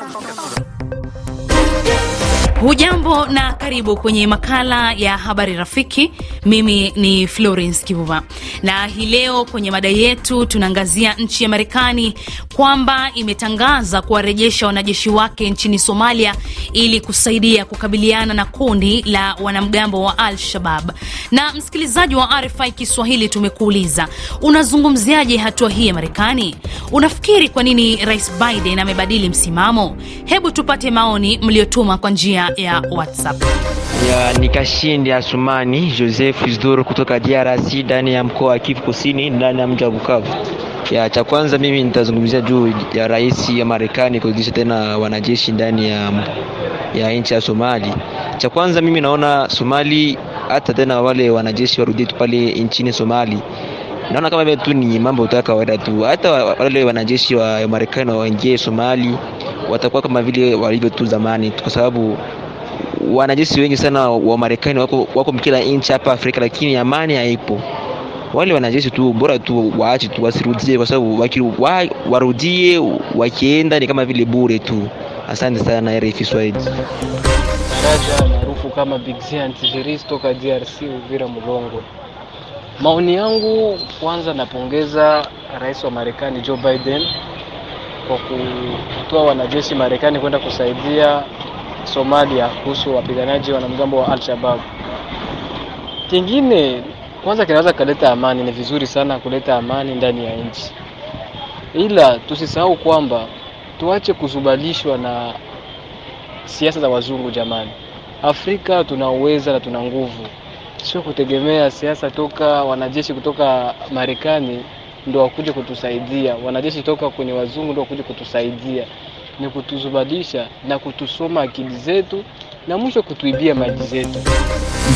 opinião de qualquer Hujambo na karibu kwenye makala ya habari rafiki. Mimi ni Florence Kivuva, na hii leo kwenye mada yetu tunaangazia nchi ya Marekani kwamba imetangaza kuwarejesha wanajeshi wake nchini Somalia ili kusaidia kukabiliana na kundi la wanamgambo wa Al-Shabab. Na msikilizaji wa RFI Kiswahili, tumekuuliza unazungumziaje hatua hii ya Marekani? Unafikiri kwa nini Rais Biden amebadili msimamo? Hebu tupate maoni mliotuma kwa njia ya WhatsApp. Ya nikashindi Asumani Joseph Isidoro kutoka DRC ndani ya mkoa wa Kivu Kusini ndani ya mji wa Bukavu. Ya cha kwanza mimi nitazungumzia juu ya rais ya Marekani kurudisha tena wanajeshi ndani ya, ya nchi ya Somali. Cha kwanza mimi naona Somali hata tena wale wanajeshi warudi tu pale nchini Somali. Naona kama tu ni mambo ya kawaida tu, hata wale wanajeshi wa Marekani waingie Somali watakuwa kama vile walivyo tu zamani, kwa sababu wanajeshi wengi sana wa Marekani wako, wako kila nchi hapa Afrika, lakini amani haipo. Wale wanajeshi tu bora tu waache tu wasirudie, kwa sababu wa, warudie wakienda ni kama vile bure tu. Asante sana RFI Swahili. Raja maarufu kama Big Z Antivirus toka DRC Uvira Mulongo. Maoni yangu kwanza, napongeza rais wa Marekani Joe Biden kwa kutoa wanajeshi Marekani kwenda kusaidia Somalia kuhusu wapiganaji wanamgambo wa Al-Shabaab. Kingine kwanza kinaweza kuleta amani, ni vizuri sana kuleta amani ndani ya nchi, ila tusisahau kwamba tuache kuzubalishwa na siasa za wazungu. Jamani, Afrika tuna uweza na tuna nguvu, sio kutegemea siasa toka wanajeshi kutoka Marekani ndo wakuje kutusaidia, wanajeshi toka kwenye wazungu ndio wakuje kutusaidia ni kutuzubadisha na kutusoma akili zetu na mwisho kutuibia maji zetu.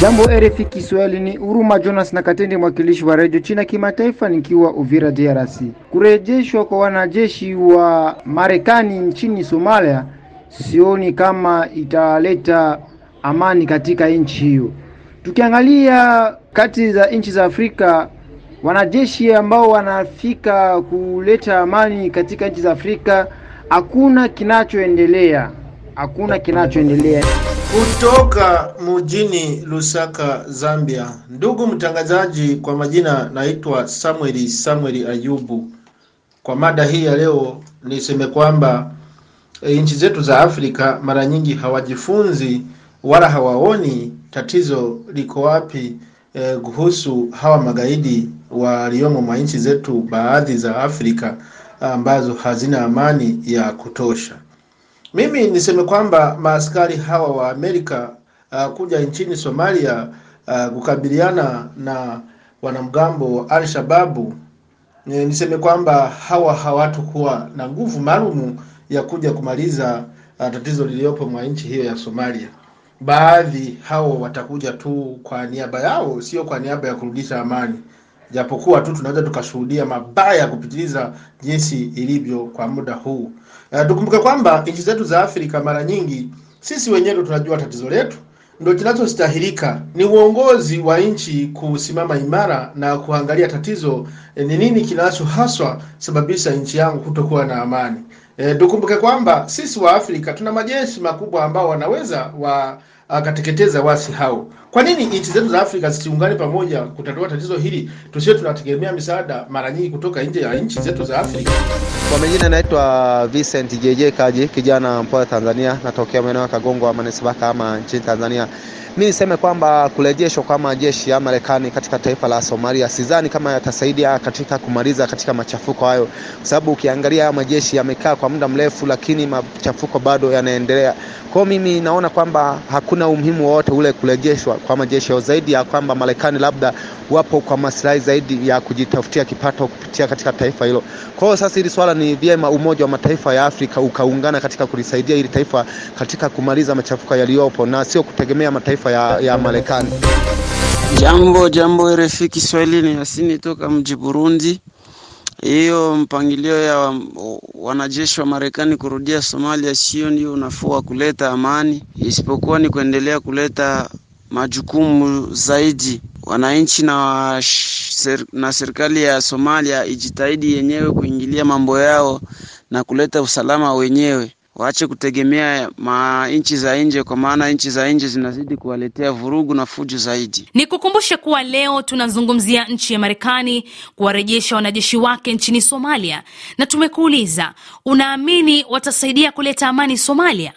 Jambo RFI Kiswahili, ni Uruma Jonas na Katende, mwakilishi wa redio China kimataifa, nikiwa Uvira, DRC. Kurejeshwa kwa wanajeshi wa Marekani nchini Somalia sioni kama italeta amani katika nchi hiyo. Tukiangalia kati za nchi za Afrika, wanajeshi ambao wanafika kuleta amani katika nchi za Afrika Hakuna kinachoendelea, hakuna kinachoendelea. Kutoka mjini Lusaka, Zambia, ndugu mtangazaji, kwa majina naitwa Samuel Samuel Ayubu. Kwa mada hii ya leo niseme kwamba e, nchi zetu za Afrika mara nyingi hawajifunzi wala hawaoni tatizo liko wapi e, kuhusu hawa magaidi waliomo mwa nchi zetu baadhi za Afrika ambazo hazina amani ya kutosha. Mimi niseme kwamba maaskari hawa wa Amerika uh, kuja nchini Somalia uh, kukabiliana na wanamgambo wa al niseme kwamba hawa kuwa na nguvu maalumu ya kuja kumaliza uh, tatizo liliyopo mwa nchi hiyo ya Somalia. Baadhi hao watakuja tu kwa niaba yao, sio kwa niaba ya kurudisha amani japokuwa tu tunaweza tukashuhudia mabaya kupitiliza jinsi ilivyo kwa muda huu. Uh, tukumbuke kwamba nchi zetu za Afrika mara nyingi sisi wenyewe tunajua tatizo letu, ndio kinachostahilika ni uongozi wa nchi kusimama imara na kuangalia tatizo eh, ni nini kinacho haswa sababisha nchi yangu kutokuwa na amani. E, tukumbuke kwamba sisi wa Afrika tuna majeshi makubwa ambao wanaweza wa akateketeza uh, wasi hao. Kwa nini nchi zetu za Afrika zisiungane pamoja kutatua tatizo hili, tusiwe tunategemea misaada mara nyingi kutoka nje ya nchi zetu za Afrika? Kwa majina naitwa Vincent JJ Kaji, kijana mpoa Tanzania, natokea maeneo ya Kagongwa manispaa kama nchini Tanzania. Mi niseme kwamba kurejeshwa kwa majeshi ya Marekani katika taifa la Somalia sidhani kama yatasaidia katika kumaliza katika machafuko hayo, kwa sababu ukiangalia haya majeshi yamekaa kwa muda mrefu, lakini machafuko bado yanaendelea. Kwa mimi naona kwamba haku hakuna umuhimu wowote ule kurejeshwa kwa majeshi yao, zaidi ya kwamba Marekani labda wapo kwa maslahi zaidi ya kujitafutia kipato kupitia katika taifa hilo. Kwa hiyo sasa, hili swala ni vyema Umoja wa Mataifa ya Afrika ukaungana katika kulisaidia hili taifa katika kumaliza machafuko yaliyopo na sio kutegemea mataifa ya, ya Marekani. Jambo jambo, RFI Kiswahili, ni Hasini toka mji Burundi hiyo mpangilio ya wanajeshi wa Marekani kurudia Somalia sio ndio unafua kuleta amani, isipokuwa ni kuendelea kuleta majukumu zaidi wananchi na, ser, na serikali ya Somalia ijitahidi yenyewe kuingilia mambo yao na kuleta usalama wenyewe waache kutegemea nchi za nje, kwa maana nchi za nje zinazidi kuwaletea vurugu na fujo zaidi. Nikukumbushe kuwa leo tunazungumzia nchi ya Marekani kuwarejesha wanajeshi wake nchini Somalia, na tumekuuliza unaamini watasaidia kuleta amani Somalia?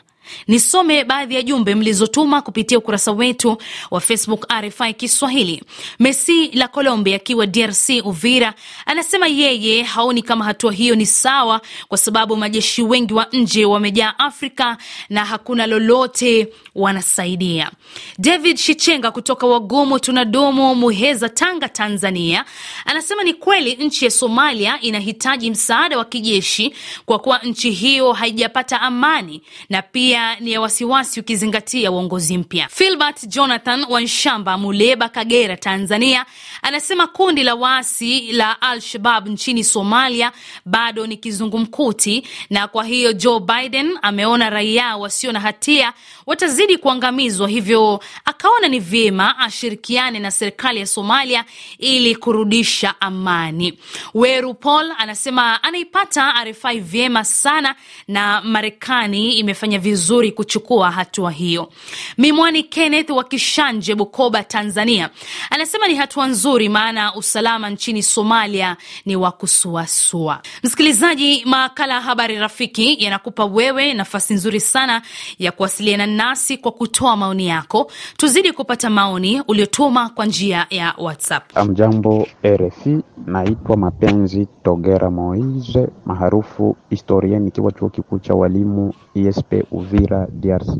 Nisome baadhi ya jumbe mlizotuma kupitia ukurasa wetu wa Facebook RFI Kiswahili. Messi la Colombia akiwa DRC Uvira anasema yeye haoni kama hatua hiyo ni sawa, kwa sababu majeshi wengi wa nje wamejaa Afrika na hakuna lolote wanasaidia. David Shichenga kutoka Wagomo Tunadomo, Muheza, Tanga, Tanzania, anasema ni kweli nchi ya Somalia inahitaji msaada wa kijeshi kwa kuwa nchi hiyo haijapata amani na pia ni ya wasiwasi ukizingatia uongozi mpya. Filbert Jonathan Wanshamba, Muleba, Kagera, Tanzania, anasema kundi la waasi la Al-Shabab nchini Somalia bado ni kizungumkuti, na kwa hiyo Joe Biden ameona raia wasio na hatia watazi anazidi kuangamizwa, hivyo akaona ni vyema ashirikiane na serikali ya Somalia ili kurudisha amani. Weru Paul anasema anaipata RFI vyema sana na Marekani imefanya vizuri kuchukua hatua hiyo. Mimwani Kenneth wa Kishanje, Bukoba, Tanzania, anasema ni hatua nzuri, maana usalama nchini Somalia ni wa kusuasua. Msikilizaji, makala ya Habari Rafiki yanakupa wewe nafasi nzuri sana ya kuwasiliana nasi nasi kwa kutoa maoni yako. Tuzidi kupata maoni uliotuma kwa njia ya WhatsApp. Amjambo RFI, naitwa Mapenzi Togera Moise maarufu Historia, nikiwa chuo kikuu cha walimu esp Uvira, DRC.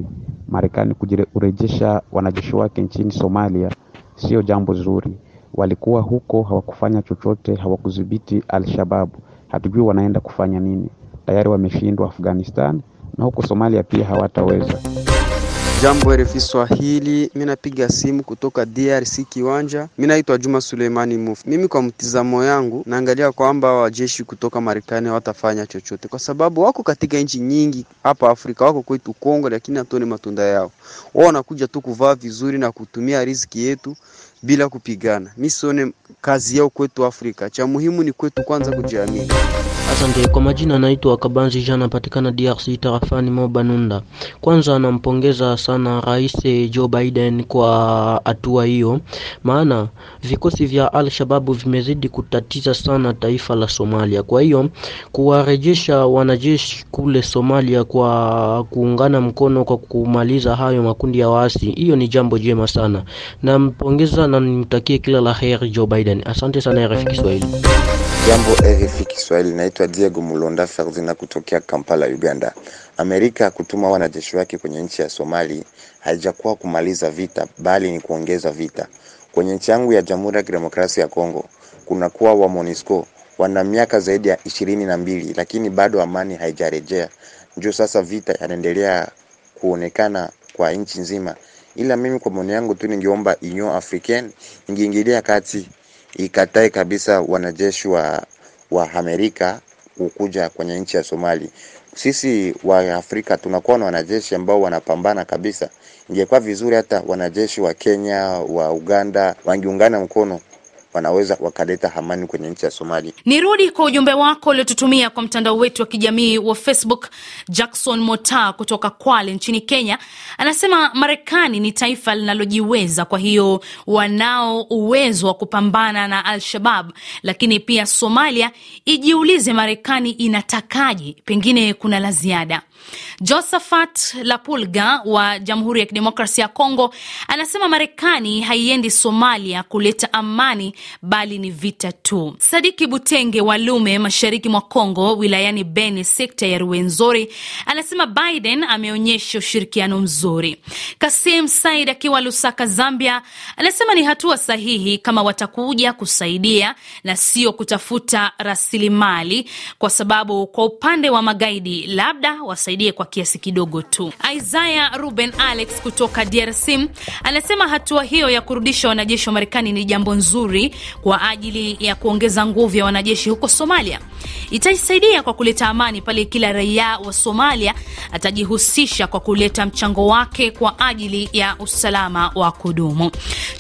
Marekani kujirejesha wanajeshi wake nchini Somalia sio jambo zuri. Walikuwa huko hawakufanya chochote, hawakudhibiti Al-Shababu, hatujui wanaenda kufanya nini. Tayari wameshindwa Afghanistan na huko Somalia pia hawataweza. Jambo RFI Swahili, mimi napiga simu kutoka DRC Kiwanja. Mimi naitwa Juma Suleimani Mufu. Mimi kwa mtizamo yangu naangalia kwamba wajeshi kutoka Marekani watafanya chochote, kwa sababu wako katika nchi nyingi hapa Afrika, wako kwetu Kongo, lakini hatuoni matunda yao. Wao wanakuja tu kuvaa vizuri na kutumia riziki yetu bila kupigana. Mimi sione kazi yao kwetu Afrika. Cha muhimu ni kwetu kwanza kujiamini. Asante kwa majina, naitwa Kabanzi Jean, napatikana DRC tarafani Mobanunda. Kwanza nampongeza sana Rais Joe Biden kwa hatua hiyo, maana vikosi vya Al-Shababu vimezidi kutatiza sana taifa la Somalia. Kwa hiyo kuwarejesha wanajeshi kule Somalia kwa kuungana mkono kwa kumaliza hayo makundi ya waasi, hiyo ni jambo jema sana. Nampongeza na nimtakie kila la heri Joe Biden. Asante sana rafiki Kiswahili. Jambo RFI Kiswahili, naitwa Diego Mulonda Ferdina kutokea Kampala, Uganda. Amerika kutuma wanajeshi wake kwenye nchi ya Somali haijakuwa kumaliza vita, bali ni kuongeza vita. Kwenye nchi yangu ya Jamhuri ya Kidemokrasia ya Kongo kuwa wa MONUSCO wana miaka zaidi ya ishirini na mbili, lakini bado amani haijarejea. Ndio sasa vita yanaendelea kuonekana kwa nchi nzima, ila mimi kwa maoni yangu tu ningeomba Union Africaine ingeingilia kati ikatae kabisa wanajeshi wa, wa Amerika kukuja kwenye nchi ya Somali. Sisi wa Afrika tunakuwa na wanajeshi ambao wanapambana kabisa. Ingekuwa vizuri hata wanajeshi wa Kenya, wa Uganda wangeungana mkono wanaweza wakaleta hamani kwenye nchi ya Somalia. Nirudi kwa ujumbe wako uliotutumia kwa mtandao wetu wa kijamii wa Facebook. Jackson Mota kutoka Kwale nchini Kenya anasema Marekani ni taifa linalojiweza, kwa hiyo wanao uwezo wa kupambana na Al-Shabab, lakini pia Somalia ijiulize Marekani inatakaje, pengine kuna la ziada. Josephat Lapulga wa Jamhuri ya Kidemokrasia ya Kongo anasema Marekani haiendi Somalia kuleta amani bali ni vita tu. Sadiki Butenge wa Lume, mashariki mwa Kongo, wilayani Beni, sekta ya Ruwenzori, anasema Biden ameonyesha ushirikiano mzuri. Kasim Said akiwa Lusaka, Zambia, anasema ni hatua sahihi kama watakuja kusaidia na sio kutafuta rasilimali, kwa sababu kwa upande wa magaidi labda wasa tusaidie kwa kiasi kidogo tu. Isaya Ruben Alex kutoka DRC anasema hatua hiyo ya kurudisha wanajeshi wa Marekani ni jambo nzuri kwa ajili ya kuongeza nguvu ya wanajeshi huko Somalia. Itasaidia kwa kuleta amani pale kila raia wa Somalia atajihusisha kwa kuleta mchango wake kwa ajili ya usalama wa kudumu.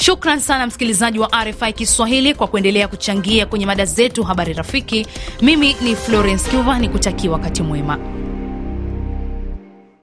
Shukran sana msikilizaji wa RFI Kiswahili kwa kuendelea kuchangia kwenye mada zetu habari rafiki. Mimi ni Florence Kiuva, nikutakia wakati mwema.